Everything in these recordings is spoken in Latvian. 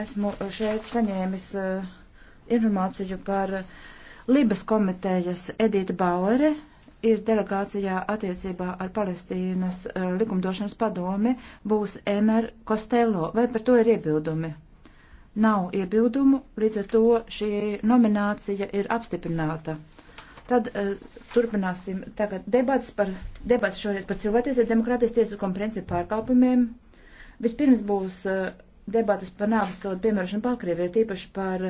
esmu šeit saņēmis eh, informāciju par eh, Libas komitejas Edita Bauere ir delegācijā attiecībā ar Palestīnas eh, likumdošanas padomi būs Emer Kostello. Vai par to ir iebildumi? Nav iebildumu, līdz ar to šī nominācija ir apstiprināta. Tad uh, turpināsim tagad debats par debats šorīt par cilvēktiesību demokrātijas tiesiskuma principu pārkāpumiem. Vispirms būs uh, debatas par nāvisodu piemērošanu Baltkrievijai, tīpaši par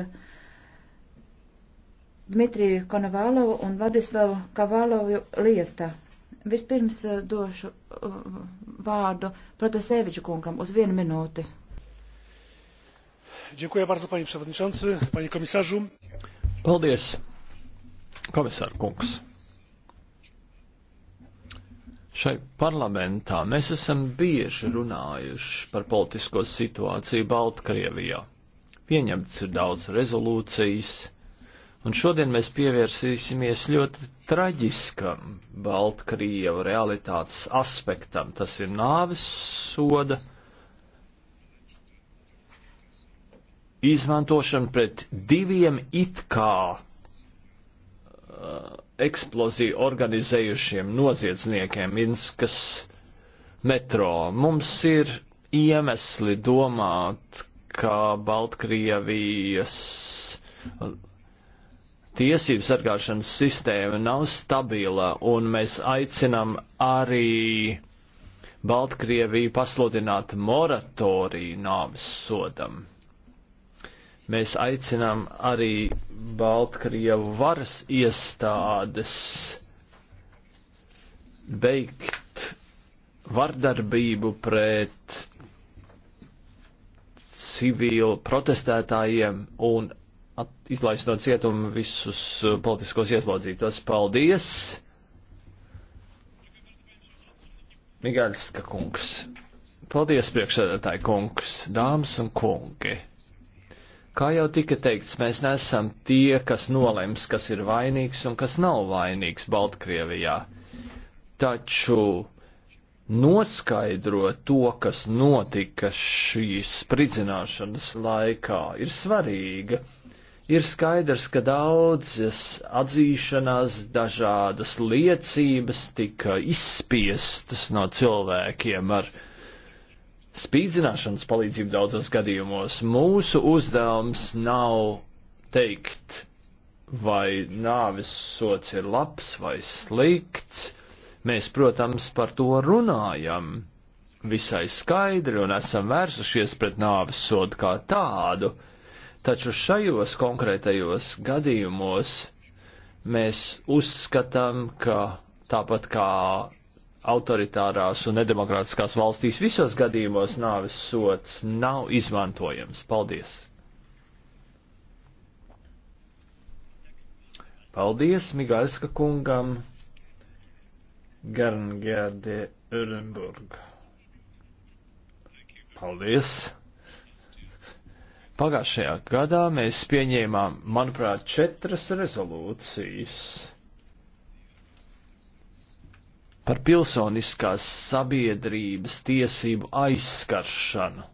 Dmitriju Konovālovu un Vladislavu Kavālovu lieta. Vispirms eh, došu eh, vārdu Protaseviču kungam uz vienu minūti. Dziękuję bardzo, panie przewodniczący, panie komisarzu. Paldies, komisār kungs. Šai parlamentā mēs esam bieži runājuši par politisko situāciju Baltkrievijā. Pieņemts ir daudz rezolūcijas, un šodien mēs pievērsīsimies ļoti traģiskam Baltkrievu realitātes aspektam. Tas ir nāves soda izmantošana pret diviem it kā uh, eksploziju organizējušiem noziedzniekiem Minskas metro. Mums ir iemesli domāt, ka Baltkrievijas tiesību sargāšanas sistēma nav stabila, un mēs aicinam arī Baltkrieviju pasludināt moratoriju nāves sodam. Mēs aicinām arī Baltkrievu varas iestādes beigt vardarbību pret civilu protestētājiem un izlaist no cietuma visus politiskos ieslodzītos. Paldies! Migaļska kungs. Paldies, priekšsēdētāji kungs, dāmas un kungi. Kā jau tika teikts, mēs nesam tie, kas nolems, kas ir vainīgs un kas nav vainīgs Baltkrievijā. Taču noskaidrot to, kas notika šīs spridzināšanas laikā, ir svarīga. Ir skaidrs, ka daudzas atzīšanās, dažādas liecības tika izspiestas no cilvēkiem ar spīdzināšanas palīdzību daudzos gadījumos. Mūsu uzdevums nav teikt, vai nāvis sots ir labs vai slikts. Mēs, protams, par to runājam visai skaidri un esam vērsušies pret nāvis sodu kā tādu, taču šajos konkrētajos gadījumos mēs uzskatām, ka tāpat kā autoritārās un nedemokrātiskās valstīs visos gadījumos nāves sots nav izmantojams. Paldies! Paldies Migaļska kungam Garngerde Örenburg. Paldies! Pagājušajā gadā mēs pieņēmām, manuprāt, četras rezolūcijas par pilsoniskās sabiedrības tiesību aizskaršanu.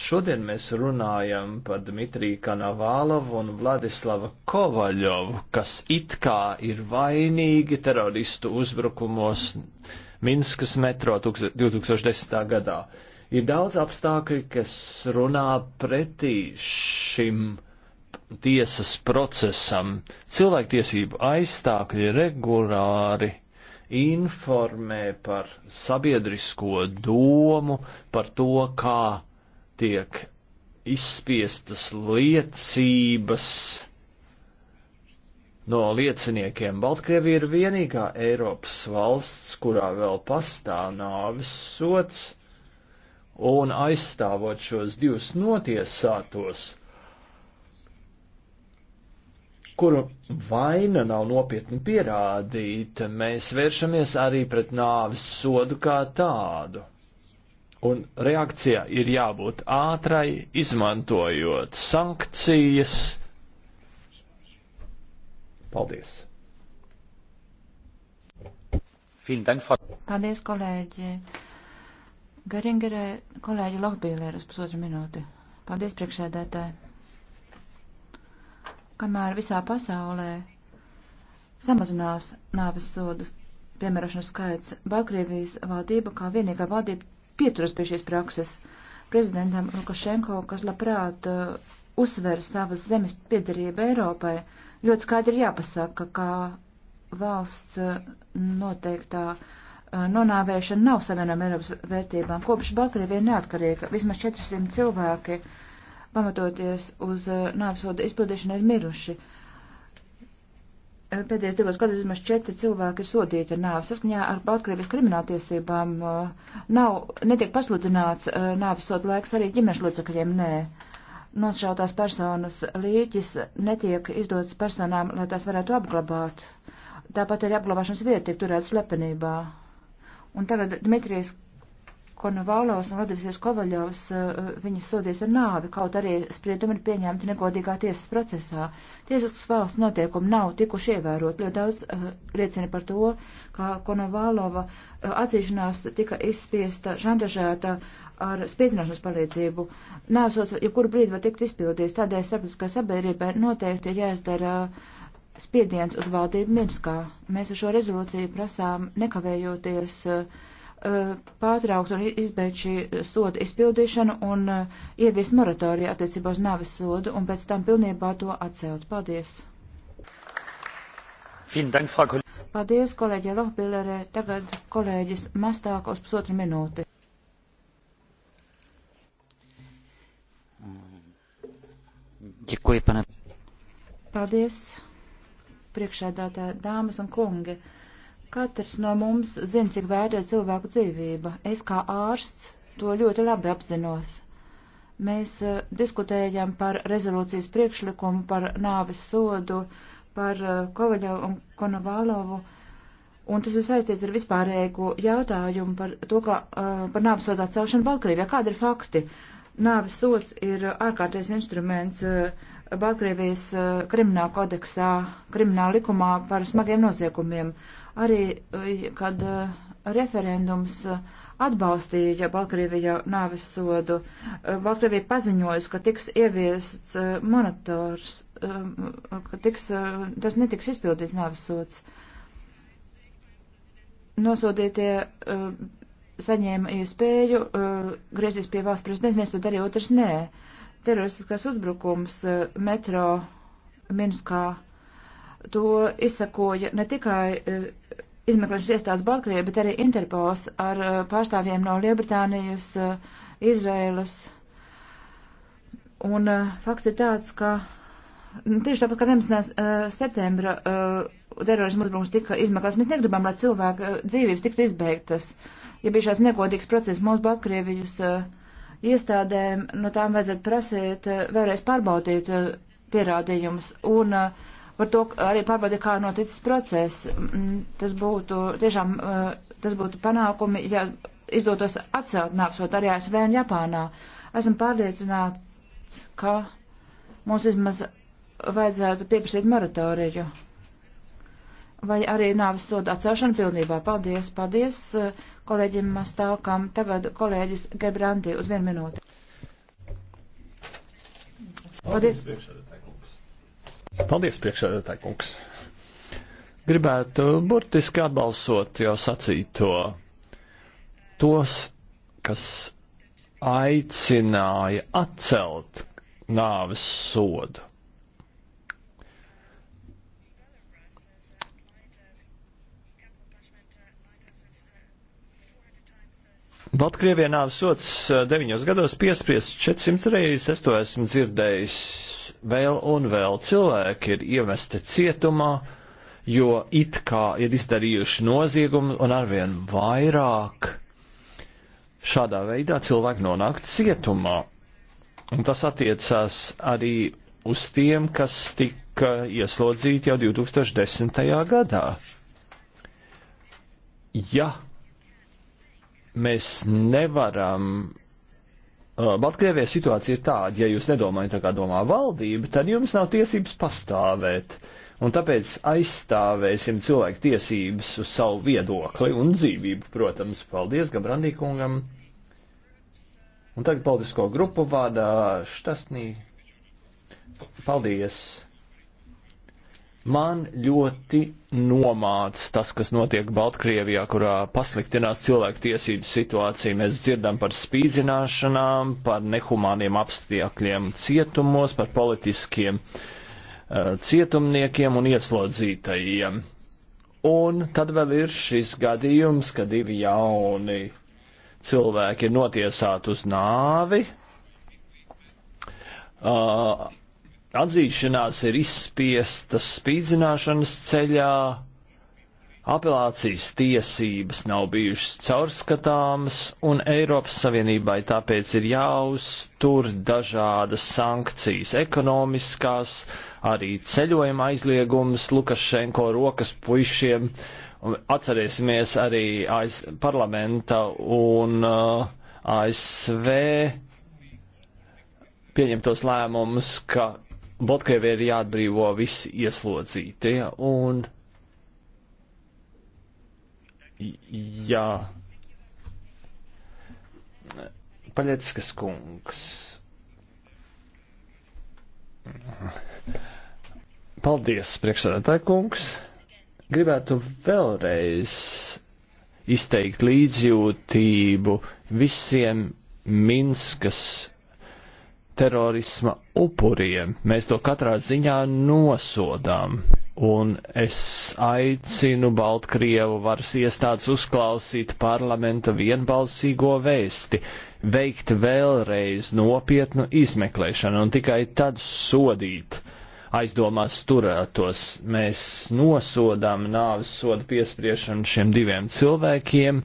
Šodien mēs runājam par Dmitriju Kanavālovu un Vladislava Kovaļovu, kas it kā ir vainīgi teroristu uzbrukumos Minskas metro 2010. gadā. Ir daudz apstākļi, kas runā pretī šim tiesas procesam. Cilvēktiesību aizstākļi regulāri informē par sabiedrisko domu, par to, kā tiek izspiestas liecības no lieciniekiem. Baltkrievija ir vienīgā Eiropas valsts, kurā vēl pastāv nāvis sots, un aizstāvot šos divus notiesātos, kuru vaina nav nopietni pierādīta, mēs vēršamies arī pret nāvis sodu kā tādu. Un reakcijā ir jābūt ātrai, izmantojot sankcijas. Paldies! Paldies, kolēģi! Garingerē kolēģi Lohbīlē uz pusotru minūti. Paldies, priekšsēdētāji! kamēr visā pasaulē samazinās nāves sodu piemērošanas skaits. Balkrievijas valdība kā vienīgā valdība pieturas pie šīs prakses. Prezidentam Lukašenko, kas labprāt uh, uzsver savas zemes piedarību Eiropai, ļoti skaidri jāpasaka, ka valsts uh, noteiktā uh, nonāvēšana nav savienām Eiropas vērtībām. Kopš Baltkrievija neatkarīga vismaz 400 cilvēki uh, pamatoties uz eh, nāvsoda izpildīšanu, ir miruši. Eh, pēdējos divos gados vismaz četri cilvēki ir sodīti ar nāvi. Saskaņā ar Baltkrievis krimināltiesībām eh, nav, netiek pasludināts nāvisoda laiks arī ģimenes locekļiem, nē nošautās personas līķis netiek izdots personām, lai tās varētu apglabāt. Tāpat arī apglabāšanas vieta tiek turēta slepenībā. Un tagad Dmitrijs Konovalovs un Lodivisies Kovaļovs, eh, eh, viņus sodīs ar nāvi, kaut arī spriedumi ir pieņemti negodīgā tiesas procesā. Tiesiskas valsts notiekumi nav tikuši ievērot. Ļoti daudz uh, liecina par to, ka Konovalova uh, atzīšanās tika izspiesta, šantažēta ar spīdzināšanas palīdzību. Nāsos, ja kuru brīdi var tikt izpildīts, tādēļ starptautiskā sabiedrībai noteikti ir jāizdara uh, spiediens uz valdību Minskā. Mēs ar šo rezolūciju prasām nekavējoties uh, Eh, pārtraukt un izbeigt šī soda izpildīšanu un eh, ieviest moratoriju attiecībā uz nāves sodu un pēc tam pilnībā to atcelt. Paldies! Paldies, kolēģi Lohbillerē. Tagad kolēģis Mastāk uz pusotru minūti. Ďakujem, pane. Paldies, priekšēdātā dāmas un kungi. Katrs no mums zina, cik vērtē cilvēku dzīvība. Es kā ārsts to ļoti labi apzinos. Mēs uh, diskutējam par rezolūcijas priekšlikumu, par nāvis sodu, par uh, Kovaļovu un Konovālovu. Un tas ir saistīts ar vispārēju jautājumu par to, ka uh, par nāvis sodu atcelšanu Baltkrievijā. Kādi ir fakti? Nāvis sods ir ārkārtējs instruments. Uh, Baltkrievijas eh, krimināla kodeksā, krimināla likumā par smagiem noziegumiem. Arī, eh, kad eh, referendums atbalstīja Baltkrievijā nāves sodu, Baltkrievija paziņojas, ka tiks ieviests monitors, ka tiks, tas netiks izpildīts nāves sods. Nosodītie saņēma iespēju griezties pie valsts prezidents, viens to darīja, otrs nē teroristiskais uzbrukums eh, metro Minskā. To izsakoja ne tikai eh, izmeklēšanas iestādes Baltkrievija, bet arī Interpols ar eh, pārstāvjiem no Liebritānijas, Izraēlas. Un fakts ir tāds, ka nu, tieši tāpat kā 11. septembra terorismu uzbrukums tika izmeklēts, mēs negribam, lai cilvēku dzīvības tiktu izbeigtas. Ja bija šāds negodīgs process mūsu Baltkrievijas uh, iestādēm no tām vajadzētu prasīt eh, vēlreiz pārbaudīt eh, pierādījumus un eh, par to arī pārbaudīt, kā noticis process. Tas būtu tiešām, tas būtu panākumi, ja izdotos atcelt nāksot arī ASV un Japānā. Esmu pārliecināts, ka mums vismaz vajadzētu pieprasīt moratoriju. Vai arī nāves soda atcelšana pilnībā. Paldies, paldies. Uh, kolēģim Mastākam. Tagad kolēģis Gebrandī uz vienu minūti. Paldies, priekšsēdētāji kungs. Paldies, priekšsēdētāji kungs. Gribētu burtiski atbalsot jau sacīto tos, kas aicināja atcelt nāves sodu Baltkrievijā nāves sots deviņos gados piespriests 400 reizes, es to esmu dzirdējis vēl un vēl. Cilvēki ir ievesti cietumā, jo it kā ir izdarījuši noziegumu un arvien vairāk šādā veidā cilvēki nonāk cietumā. Un tas attiecās arī uz tiem, kas tika ieslodzīti jau 2010. gadā. Ja Mēs nevaram. Baltkrievijā situācija ir tāda, ja jūs nedomājat tā kā domā valdība, tad jums nav tiesības pastāvēt. Un tāpēc aizstāvēsim cilvēku tiesības uz savu viedokli un dzīvību, protams. Paldies Gabrandī kungam. Un tagad politisko grupu vārdā Štasnī. Paldies! Man ļoti nomāc tas, kas notiek Baltkrievijā, kurā pasliktinās cilvēku tiesību situācija. Mēs dzirdam par spīdzināšanām, par nehumāniem apstākļiem cietumos, par politiskiem uh, cietumniekiem un ieslodzītajiem. Un tad vēl ir šis gadījums, kad divi jauni cilvēki ir notiesāti uz nāvi. Uh, atzīšanās ir izspiestas spīdzināšanas ceļā, apelācijas tiesības nav bijušas caurskatāmas, un Eiropas Savienībai tāpēc ir jāuztur dažādas sankcijas ekonomiskās, arī ceļojuma aizliegums Lukašenko rokas puišiem, atcerēsimies arī aiz parlamenta un uh, ASV pieņemtos lēmumus, ka Botkrievijai ir jāatbrīvo visi ieslodzītie un jā. Paļeckas kungs. Paldies, priekšsēdētāji kungs. Gribētu vēlreiz izteikt līdzjūtību visiem Minskas terorisma upuriem. Mēs to katrā ziņā nosodām. Un es aicinu Baltkrievu varas iestādes uzklausīt parlamenta vienbalsīgo vēsti, veikt vēlreiz nopietnu izmeklēšanu un tikai tad sodīt aizdomās turētos. Mēs nosodām nāves sodu piespriešanu šiem diviem cilvēkiem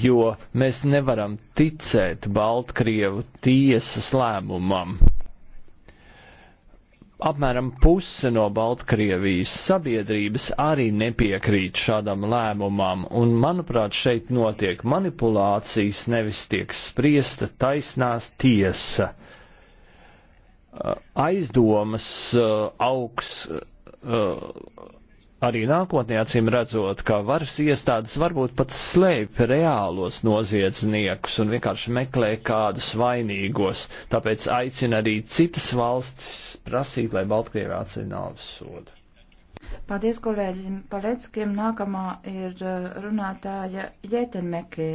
jo mēs nevaram ticēt Baltkrievu tiesas lēmumam. Apmēram puse no Baltkrievijas sabiedrības arī nepiekrīt šādam lēmumam, un, manuprāt, šeit notiek manipulācijas, nevis tiek spriesta taisnās tiesa. Aizdomas uh, augs uh, arī nākotnē acīm redzot, ka varas iestādes varbūt pat slēp reālos noziedzniekus un vienkārši meklē kādus vainīgos. Tāpēc aicina arī citas valstis prasīt, lai Baltkrievā atceļ nāves sodu. Paldies kolēģim Paleckiem. Nākamā ir uh, runātāja Jētenmekī.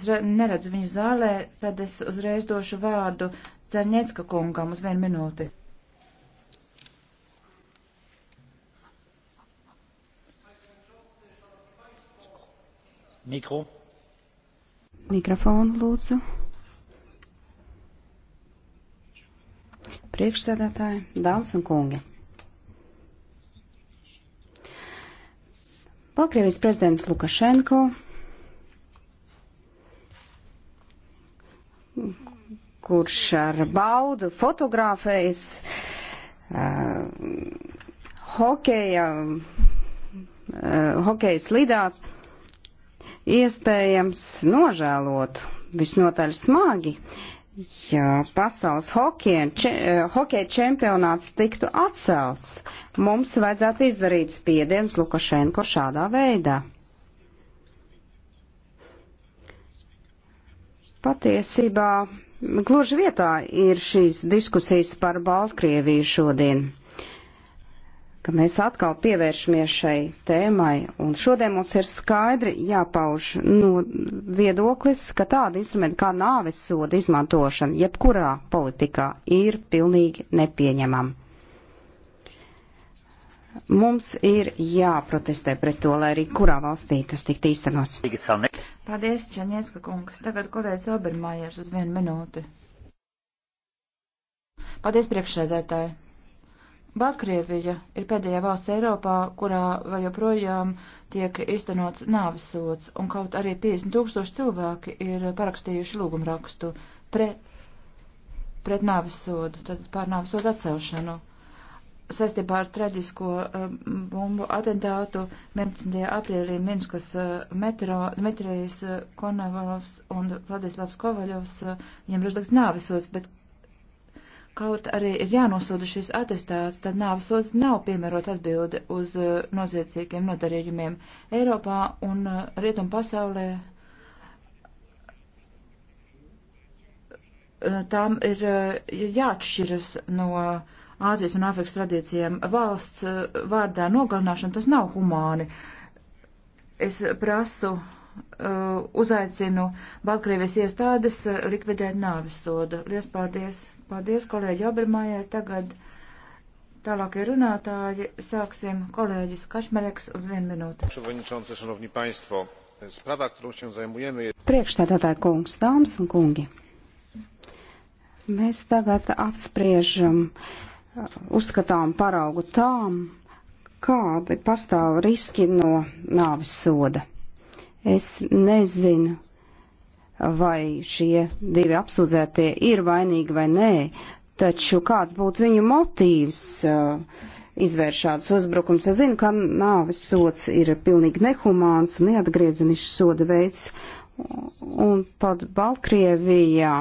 Es neredzu viņu zālē, tad es uzreiz došu vārdu Cerniecka kungam uz vienu minūti. Mikro. Mikrofonu lūdzu. Priekšsēdētāji, dāmas un kungi. Baltkrievijas prezidents Lukašenko, kurš ar baudu fotografējas uh, hokeja, uh, hokeja slidās, uh, iespējams nožēlot visnotaļ smagi, ja pasaules hokeja, če, hokeja čempionāts tiktu atcelts. Mums vajadzētu izdarīt spiedienus Lukašenko šādā veidā. Patiesībā gluži vietā ir šīs diskusijas par Baltkrieviju šodien ka mēs atkal pievēršamies šai tēmai, un šodien mums ir skaidri jāpauž no nu, viedoklis, ka tāda instrumenta kā nāves soda izmantošana jebkurā politikā ir pilnīgi nepieņemama. Mums ir jāprotestē pret to, lai arī kurā valstī tas tiktu īstenots. Paldies, Čanieska kungs. Tagad kolēģis Obermājers uz vienu minūti. Paldies, priekšsēdētāji. Baltkrievija ir pēdējā valsts Eiropā, kurā vai joprojām tiek iztenots nāves sods, un kaut arī 50 tūkstoši cilvēki ir parakstījuši lūgumrakstu pre, pret nāves sodu, tad pār nāves sodu atcelšanu. Saistībā ar traģisko uh, bumbu atentātu 11. aprīlī Minskas uh, metro, Dmitrijs uh, eh, Konevovs un Vladislavs Kovaļovs, uh, viņiem ir uzlikts nāves sods, bet Kaut arī ir jānosoda šis atestāts, tad nāves sods nav piemērot atbildi uz eh, noziedzīgiem nodarījumiem Eiropā un eh, Rietumu pasaulē. Eh, tām ir jāatšķiras no Āzijas un Āfrikas tradīcijām. Valsts vārdā nogalināšana tas nav humāni. Es prasu Uh, uzaicinu Baltkrievijas iestādes uh, likvidēt nāvis sodu. Lies paldies! Paldies kolēģi Obermājai. Tagad tālākie runātāji. Sāksim kolēģis Kašmereks uz vienu minūti. Priekšstādātāji kungs, dāmas un kungi. Mēs tagad apspriežam, uzskatām paraugu tām, kādi pastāv riski no nāvis soda. Es nezinu, vai šie divi apsūdzētie ir vainīgi vai nē, taču kāds būtu viņu motīvs uh, izvērš šādus uzbrukums. Es zinu, ka nāves sots ir pilnīgi nehumāns un neatgriezenišs soda veids, un pat Baltkrievijā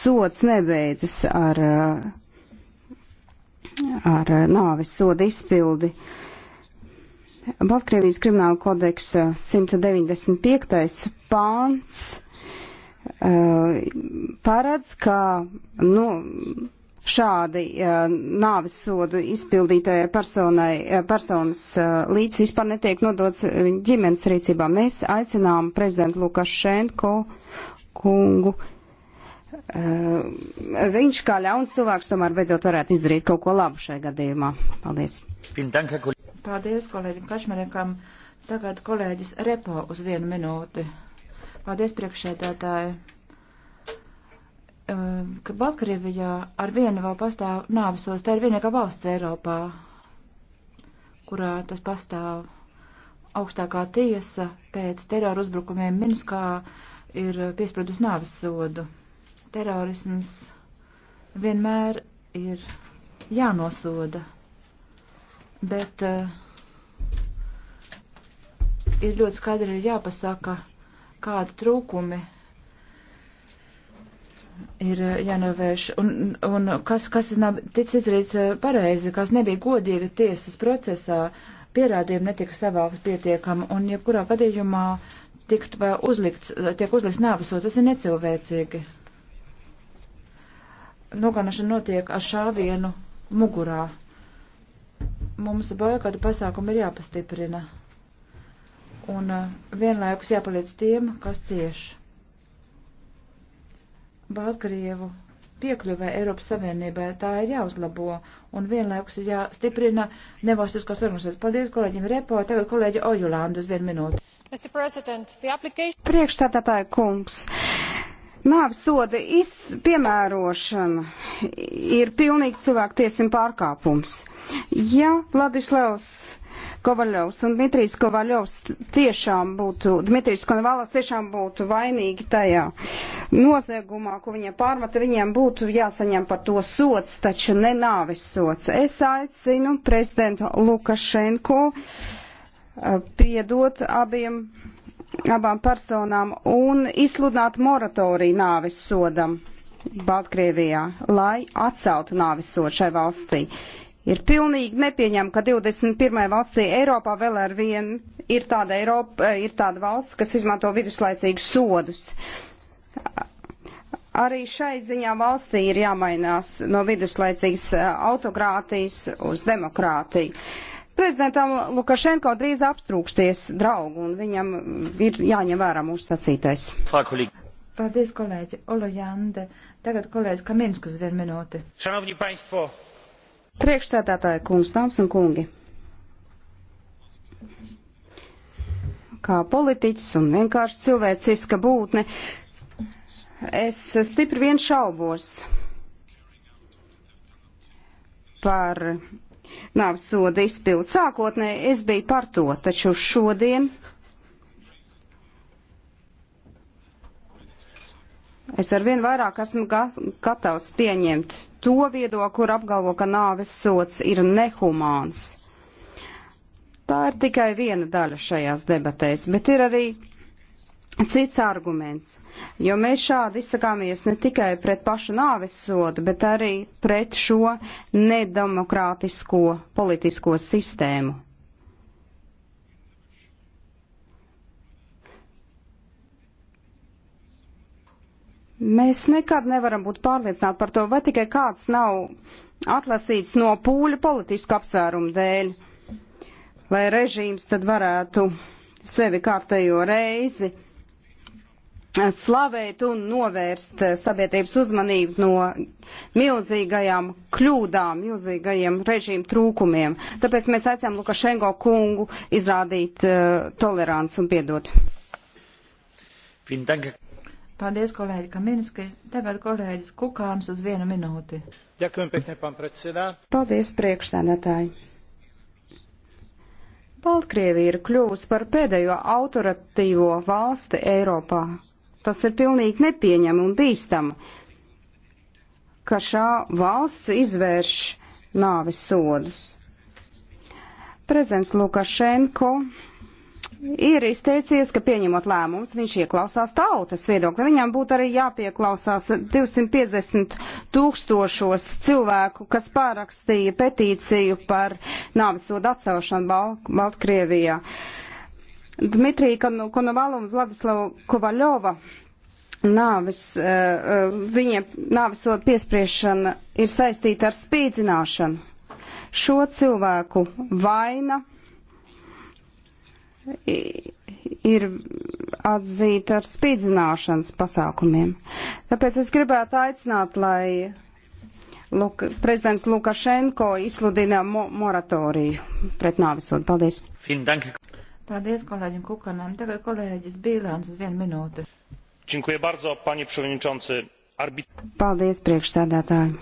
sots nebeidzas ar, uh, ar uh, nāves soda izpildi. Uh, Baltkrievijas krimināla kodeksa eh, 195. pāns uh, paredz, ka nu, šādi uh, nāves sodu izpildītajai personai, uh, personas līdz vispār netiek nodots viņa ģimenes rīcībā. Mēs aicinām prezidentu Lukašenko kungu Uh, viņš kā ļauns cilvēks tomēr beidzot varētu izdarīt kaut ko labu šajā gadījumā. Paldies! Paldies kolēģim Kašmarekam. Tagad kolēģis Repo uz vienu minūti. Paldies priekšsēdētāji. Ehm, ka Baltkrievijā ar vienu vēl pastāv nāvisos, tā ir vienīgā valsts Eiropā, kurā tas pastāv. Augstākā tiesa pēc terora uzbrukumiem Minskā ir piespriedus nāvis sodu. Terorisms vienmēr ir jānosoda bet uh, ir ļoti skaidri ir jāpasaka, kādi trūkumi ir eh, jānovērš un, un kas, kas nav ticis izdarīts eh, pareizi, kas nebija godīga tiesas procesā, pierādījumi netika savākt pietiekami un jebkurā gadījumā tikt vai uzlikts, tiek uzlikts nāvisos, tas ir necilvēcīgi. Noganašana notiek ar šāvienu mugurā mums boikota pasākumi ir jāpastiprina un uh, vienlaikus jāpalīdz tiem, kas cieš. Baltkrievu piekļuvē Eiropas Savienībai tā ir jāuzlabo un vienlaikus ir jāstiprina nevalstiskās organizācijas. Paldies kolēģim Repo, tagad kolēģi Ojulāndu uz vienu minūti. Priekšstādātāja kungs, Nāves soda piemērošana ir pilnīgi cilvēktiesību pārkāpums. Ja Vladislavs Kovaļovs un Dmitrijs Kovaļovs tiešām būtu, Dmitrijs Kovaļovs tiešām būtu vainīgi tajā noziegumā, ko viņiem pārmata, viņiem būtu jāsaņem par to sots, taču ne nāves sots. Es aicinu prezidentu Lukašenko eh, piedot abiem abām personām un izsludināt moratoriju nāves sodam Baltkrievijā, lai atceltu nāves sodu šai valstī. Ir pilnīgi nepieņem, ka 21. valstī Eiropā vēl ar vienu ir tāda, Eiropa, eh, ir tāda valsts, kas izmanto viduslaicīgus sodus. Arī šai ziņā valstī ir jāmainās no viduslaicīgas eh, autokrātijas uz demokrātiju. Uh, Prezidentam Lukašenko drīz aptrūksties draugu, un viņam ir jāņem vērā mūsu sacītais. Paldies, kolēģi Olo Jande. Tagad kolēģis Kaminskas vienu minūti. Šanovņi paņstvo. Priekšsētātāja kungs, dāmas un kungi. Kā politiķis un vienkārši cilvēciska būtne, es stipri vien šaubos par nāves soda izpildu. Sākotnēji es biju par to, taču šodien es arvien vairāk esmu gatavs pieņemt to viedokli, kur apgalvo, ka nāves sots ir nehumāns. Tā ir tikai viena daļa šajās debatēs, bet ir arī cits arguments, jo mēs šādi izsakāmies ne tikai pret pašu nāves sodu, bet arī pret šo nedemokrātisko politisko sistēmu. Mēs nekad nevaram būt pārliecināti par to, vai tikai kāds nav atlasīts no pūļa politisku apsvērumu dēļ, lai režīms tad varētu sevi kārtējo reizi slavēt un novērst sabiedrības uzmanību no milzīgajām kļūdām, milzīgajiem režīmu trūkumiem. Tāpēc mēs aicinām Lukašenko kungu izrādīt uh, toleranci un piedot. Paldies, kolēģi Kaminski. Tagad kolēģis Kukāns uz vienu minūti. Ďakujem pekne, pán predsedā. Paldies, priekšsēdētāji. Baltkrievija ir kļuvusi par pēdējo autoritīvo valsti Eiropā, Tas ir pilnīgi nepieņem un bīstam, ka šā valsts izvērš nāvis sodus. Prezidents Lukašenko ir izteicies, ka pieņemot lēmumus, viņš ieklausās tautas viedokli. Viņam būtu arī jāpieklausās 250 tūkstošos cilvēku, kas pārakstīja petīciju par nāvisodu atcelšanu Bal Baltkrievijā. Uh, Dmitrija Konovalu un Vladislavu Kovaļova nāves, eh, eh, viņiem nāves soda piespriešana ir saistīta ar spīdzināšanu. Šo cilvēku vaina ir atzīta ar spīdzināšanas pasākumiem. Tāpēc es gribētu aicināt, lai Luk prezidents Lukašenko izsludina mo moratoriju pret nāvisodu. Paldies! Fīn, Paldies kolēģim Kukanam. Tagad kolēģis Bīlāns uz vienu minūti. Činkuja bardzo, paņi previņčonci. Arbit... Paldies, priekšsēdētāji.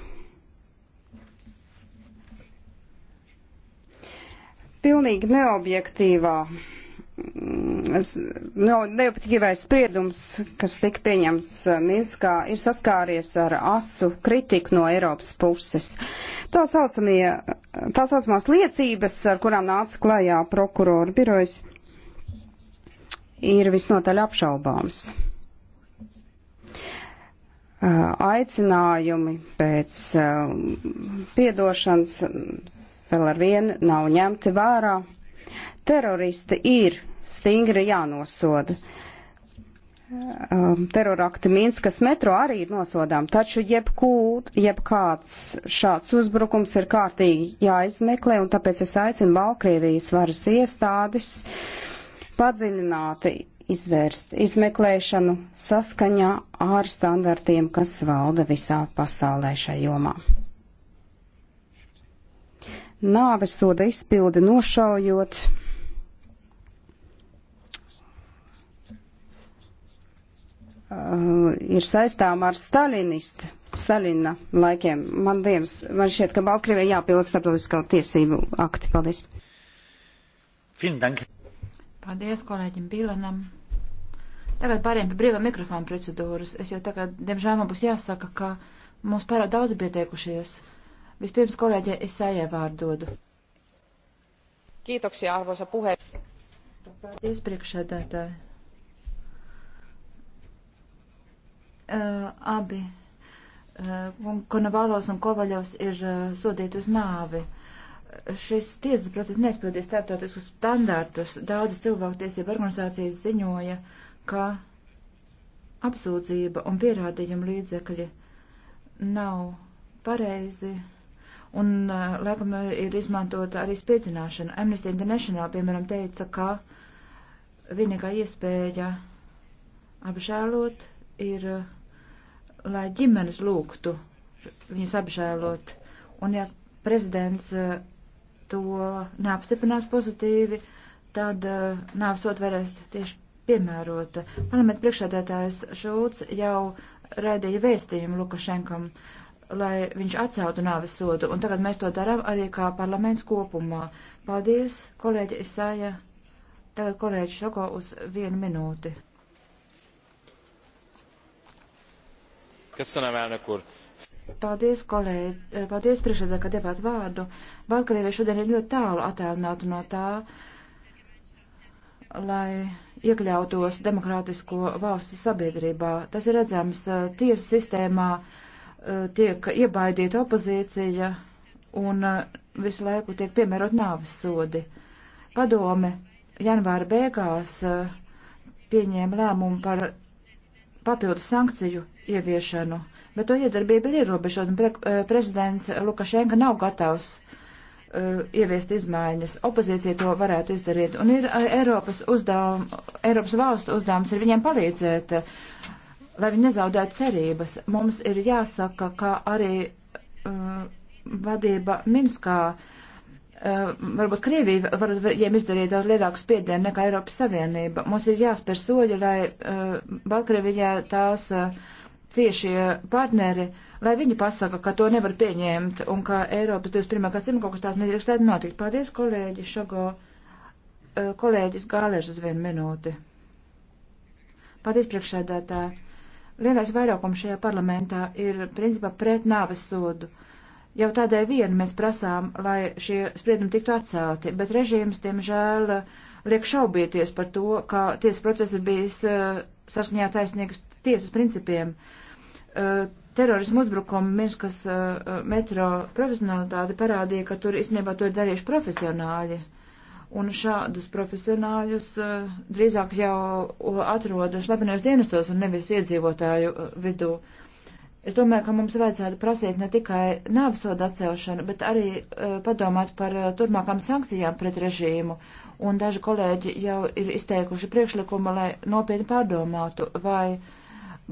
Pilnīgi neobjektīvā mm, no neobjektīvais spriedums, kas tika pieņemts eh, Minskā, ir saskāries ar asu kritiku no Eiropas puses. Tā, saucamie, eh, tā saucamās liecības, ar kurām nāca klajā prokuroru birojas, ir visnotaļ apšaubāms. Aicinājumi pēc piedošanas vēl ar vienu nav ņemti vērā. Teroristi ir stingri jānosoda. Terorakti Minskas metro arī ir nosodām, taču jebkūd, jebkāds šāds uzbrukums ir kārtīgi jāizmeklē, un tāpēc es aicinu Balkrievijas varas iestādes uh, padziļināti izvērst izmeklēšanu saskaņā ar standartiem, kas valda visā pasaulē šajā jomā. Nāves soda izpildi nošaujot uh, ir saistām ar stalinistu, Stalina laikiem. Man dievs, man šķiet, ka Baltkrievijai jāpild starptautiskā tiesību akti. Paldies. Vielen Dank. Paldies kolēģim Bilanam. Tagad pārējiem pie brīvā mikrofona procedūras. Es jau tagad, diemžēl, man būs jāsaka, ka mums pārāk daudz pieteikušies. Vispirms kolēģē es sējai vārdu dodu. Kiitoksia, arvoisa puhe. Paldies, priekšsēdētāji. Uh, abi. Uh, Konavalos un Kovaļos ir uh, sodīti uz nāvi. Uh, šis tiesas process nespēdīs starptautiskus standārtus. Daudz cilvēku tiesību organizācijas ziņoja, ka apsūdzība un pierādījuma līdzekļi nav pareizi. Un, laikam, ir izmantota arī spiedzināšana. Amnesty International, piemēram, teica, ka vienīgā iespēja apžēlot ir, lai ģimenes lūgtu viņus apžēlot. Un, ja prezidents to neapstiprinās pozitīvi, tad uh, eh, nāvsot varēs tieši piemērot. Parlamenta priekšsēdētājs Šulcs jau raidīja vēstījumu Lukašenkam, lai viņš atceltu nāves sodu, un tagad mēs to darām arī kā parlaments kopumā. Paldies, kolēģi Isāja. Tagad kolēģi Šoko uz vienu minūti. Köszönöm, elnök úr! Paldies, kolēģi, eh, paldies priekšādā, ka devāt vārdu. Baltkrievija šodien ir ļoti tālu attālināta no tā, lai iekļautos demokrātisko valstu sabiedrībā. Tas ir redzams eh, tiesu sistēmā, eh, tiek iebaidīta opozīcija un visu laiku tiek piemērot nāvis sodi. Padome janvāra beigās pieņēma lēmumu par papildu sankciju ieviešanu bet to iedarbība ir ierobežota, un pre, eh, prezidents Lukašenka nav gatavs uh, ieviest izmaiņas. Opozīcija to varētu izdarīt, un ir uh, Eiropas, uzdevum, Eiropas valstu uzdevums ir viņiem palīdzēt, uh, lai viņi nezaudētu cerības. Mums ir jāsaka, ka arī vadība Minskā Uh, varbūt Krievija var uz viņiem izdarīt daudz lielāku spiedienu nekā Eiropas Savienība. Mums ir jāspēr soļi, lai uh, Baltkrievijā tās uh, ciešie partneri, lai viņi pasaka, ka to nevar pieņemt un ka Eiropas 21. gadsimta kaut kas tās nedrīkst tādu notikt. Paldies, kolēģi Šago, eh, kolēģis Gālēž uz vienu minūti. Paldies, priekšsēdētāji. Lielais vairākums šajā parlamentā ir principā pret nāves sodu. Jau tādēļ vien mēs prasām, lai šie spriedumi tiktu atcelti, bet režīms, diemžēl, liek šaubieties par to, ka tiesas process ir bijis uh, saskaņā taisnīgas tiesas principiem. Uh, Eh, terorismu uzbrukumu Minskas eh, metro profesionalitāte parādīja, ka tur īstenībā to ir darījuši profesionāļi. Un šādus profesionāļus eh, drīzāk jau atroda slepenajos dienestos un nevis iedzīvotāju vidū. Es domāju, ka mums vajadzētu prasīt ne tikai nāvisodu atcelšanu, bet arī uh, padomāt par uh, turpmākām sankcijām pret režīmu. Un daži kolēģi jau ir izteikuši priekšlikumu, lai nopietni pārdomātu, vai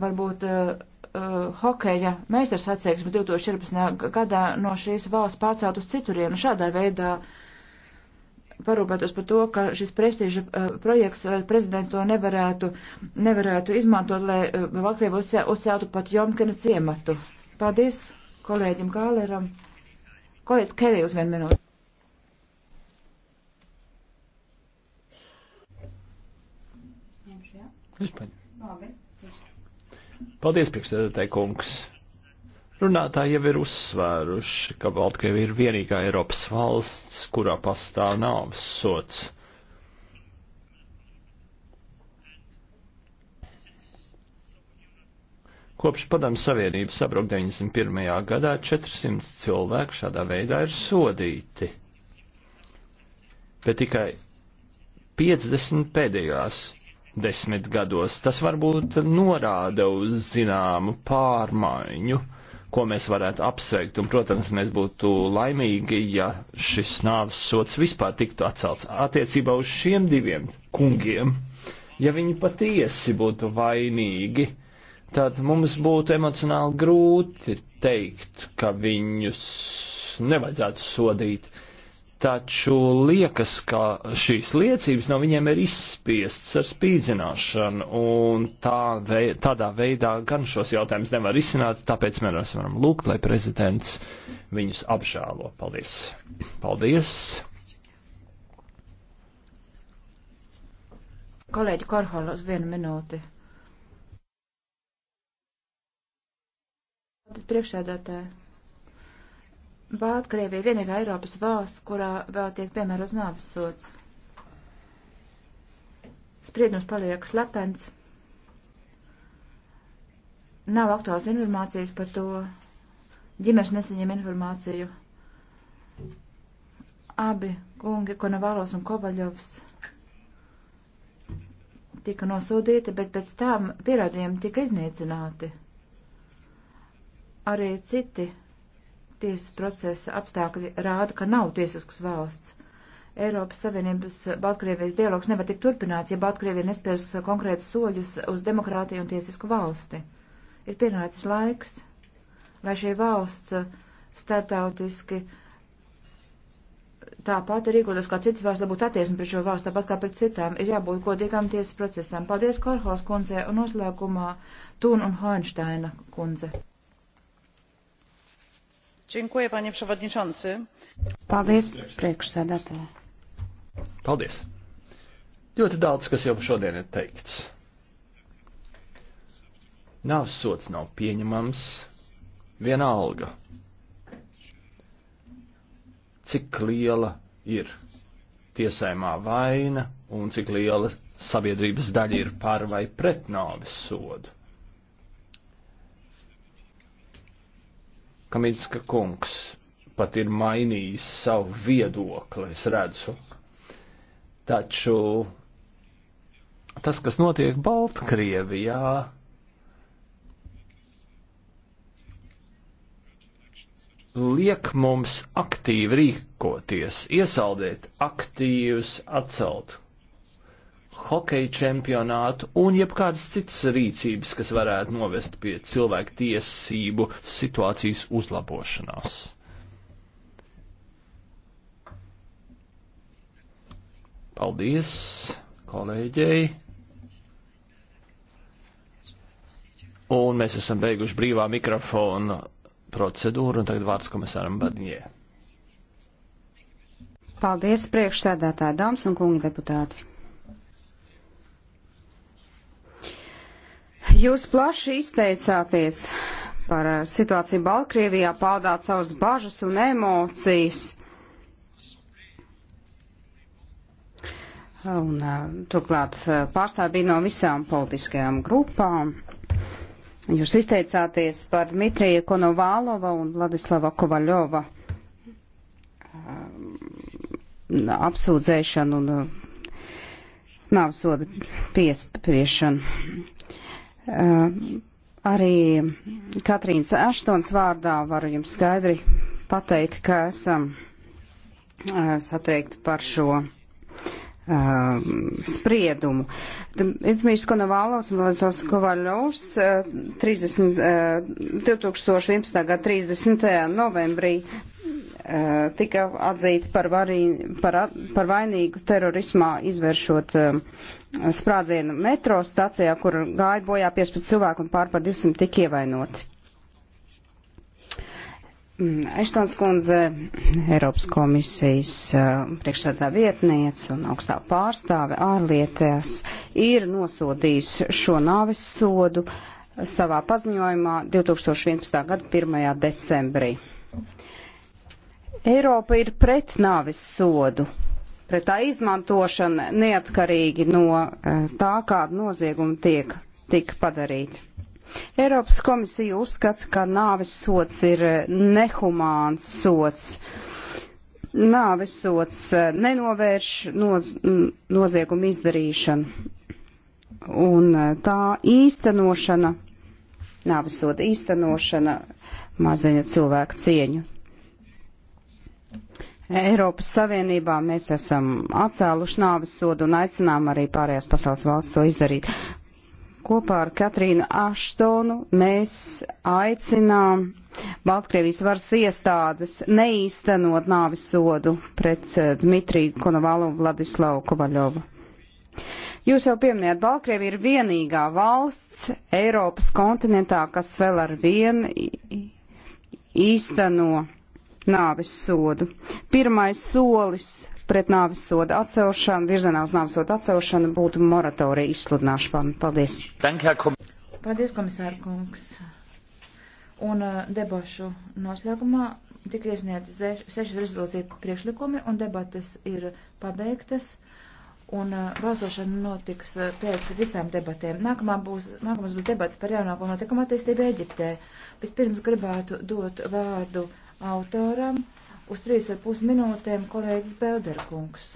varbūt uh, uh, hokeja meistars atsieksmi 2014. gadā no šīs valsts pārcelt uz citurienu. Šādā veidā parūpētos par to, ka šis prestīža uh, projekts uh, prezidentu nevarētu, nevarētu izmantot, lai uh, Valkrievi uzcē, uzceltu pat Jomkina ciematu. Paldies kolēģim Kāleram. Kolēģis Kelly uz vienu minūti. Ņemšu, jā? Ja? Labi. Paldies, priekšsēdētāji kungs. Runātāji jau ir uzsvēruši, ka Baltkrievija ir vienīgā Eiropas valsts, kurā pastāv nāves sots. Kopš Padomu Savienības sabruka 91. gadā 400 cilvēku šādā veidā ir sodīti. Bet tikai 50 pēdējās desmit gados. Tas varbūt norāda uz zināmu pārmaiņu, ko mēs varētu apsveikt, un, protams, mēs būtu laimīgi, ja šis nāves sots vispār tiktu atcelts attiecībā uz šiem diviem kungiem. Ja viņi patiesi būtu vainīgi, tad mums būtu emocionāli grūti teikt, ka viņus nevajadzētu sodīt taču liekas, ka šīs liecības no viņiem ir izspiestas ar spīdzināšanu, un tā vei, tādā veidā gan šos jautājumus nevar izsināt, tāpēc mēs varam lūgt, lai prezidents viņus apžēlo. Paldies! Paldies! Kolēģi Korholos, vienu minūti. Priekšsēdētāji. Baltkrievija vienīgā Eiropas valsts, kurā vēl tiek piemērots nāvis sods. Spriedums paliek slepens. Nav aktuāls informācijas par to. Ģimenes nesaņem informāciju. Abi kungi, Konavalos un Kovaļovs, tika nosūtīti, bet pēc tam pierādījumi tika iznīcināti. Arī citi tiesas procesa apstākļi rāda, ka nav tiesiskas valsts. Eiropas Savienības Baltkrievijas dialogs nevar tikt turpināts, ja Baltkrievija nespēs konkrētus soļus uz demokrātiju un tiesisku valsti. Ir pienācis laiks, lai šī valsts startautiski tāpat rīkotos kā citas valsts, lai būtu attieksme pret šo valsts, tāpat kā pret citām, ir jābūt godīgām tiesas procesām. Paldies Korhals kundzei un noslēgumā Tun un Hoinsteina kundze. Činkuja, paņem šavadņičonci. Paldies, priekšsēdētāji. Paldies. Ļoti daudz, kas jau šodien ir teikts. Nav sots, nav pieņemams, viena alga. Cik liela ir tiesājumā vaina un cik liela sabiedrības daļa ir par vai pret nāves sodu. Kamīdska kungs pat ir mainījis savu viedokli, es redzu. Taču tas, kas notiek Baltkrievijā, liek mums aktīvi rīkoties, iesaldēt aktīvus, atcelt hokeja čempionātu un jebkādas citas rīcības, kas varētu novest pie cilvēku tiesību situācijas uzlabošanās. Paldies kolēģei! Un mēs esam beiguši brīvā mikrofona procedūru, un tagad vārds komisāram Badņē. Paldies, priekšsēdētāji, dāmas un kungi deputāti! Jūs plaši izteicāties par eh, situāciju Baltkrievijā, paudāt savas bažas un emocijas. Un eh, turklāt eh, pārstāvji bija no visām politiskajām grupām. Jūs izteicāties par Dmitrija Konovālova un Vladislava Kovaļova apsūdzēšanu un nāvsoda piespriešanu. Ehm, arī Katrīnas Aštons vārdā varu jums skaidri pateikt, ka esam eh, satriekti par šo Um, spriedumu. Edmīrs Konovālos un Lezovs Kovaļovs 30, uh, 2011. Uh, gada 30. novembrī uh, tika atzīti par, varī, par, par vainīgu terorismā izvēršot um, sprādzienu metro stacijā, kur gāja bojā 15 cilvēku un pār par 200 tika ievainoti. Eštons kundze, Eiropas komisijas priekšsēdā vietniece un augstā pārstāve ārlietēs ir nosodījusi šo nāves sodu savā paziņojumā 2011. gada 1. decembrī. Eiropa ir pret nāves sodu, pret tā izmantošanu neatkarīgi no tā, kāda nozieguma tiek, tika padarīta. Eiropas komisija uzskata, ka nāves sots ir eh, nehumāns sots. Nāves sots eh, nenovērš noz noziegumu izdarīšanu. Un eh, tā īstenošana, nāves soda īstenošana maziņa cilvēku cieņu. Eiropas Savienībā mēs esam atcēluši nāves sodu un aicinām arī pārējās pasaules valsts to izdarīt kopā ar Katrīnu Aštonu mēs aicinām Baltkrievijas varas iestādes neīstenot nāvis sodu pret eh, Dmitriju Konovalu un Vladislavu Kovaļovu. Jūs jau pieminējat, Baltkrievija ir vienīgā valsts Eiropas kontinentā, kas vēl ar vienu īsteno nāvis sodu. Pirmais solis pret nāvis sodu atcelšanu, virzienā uz nāvis sodu atcelšanu būtu moratorija izsludināšana. Paldies. Paldies, komisāra kungs. Un uh, debašu noslēgumā tika iesniegts sešas rezolūcija priekšlikumi un debatas ir pabeigtas. Un uh, balsošana notiks uh, pēc visām debatēm. Nākamā būs, nākamās būs debats par jaunāko notikumu attīstību Eģiptē. Vispirms gribētu dot vārdu autoram uz 3,5 minūtēm kolēģis Belderkungs.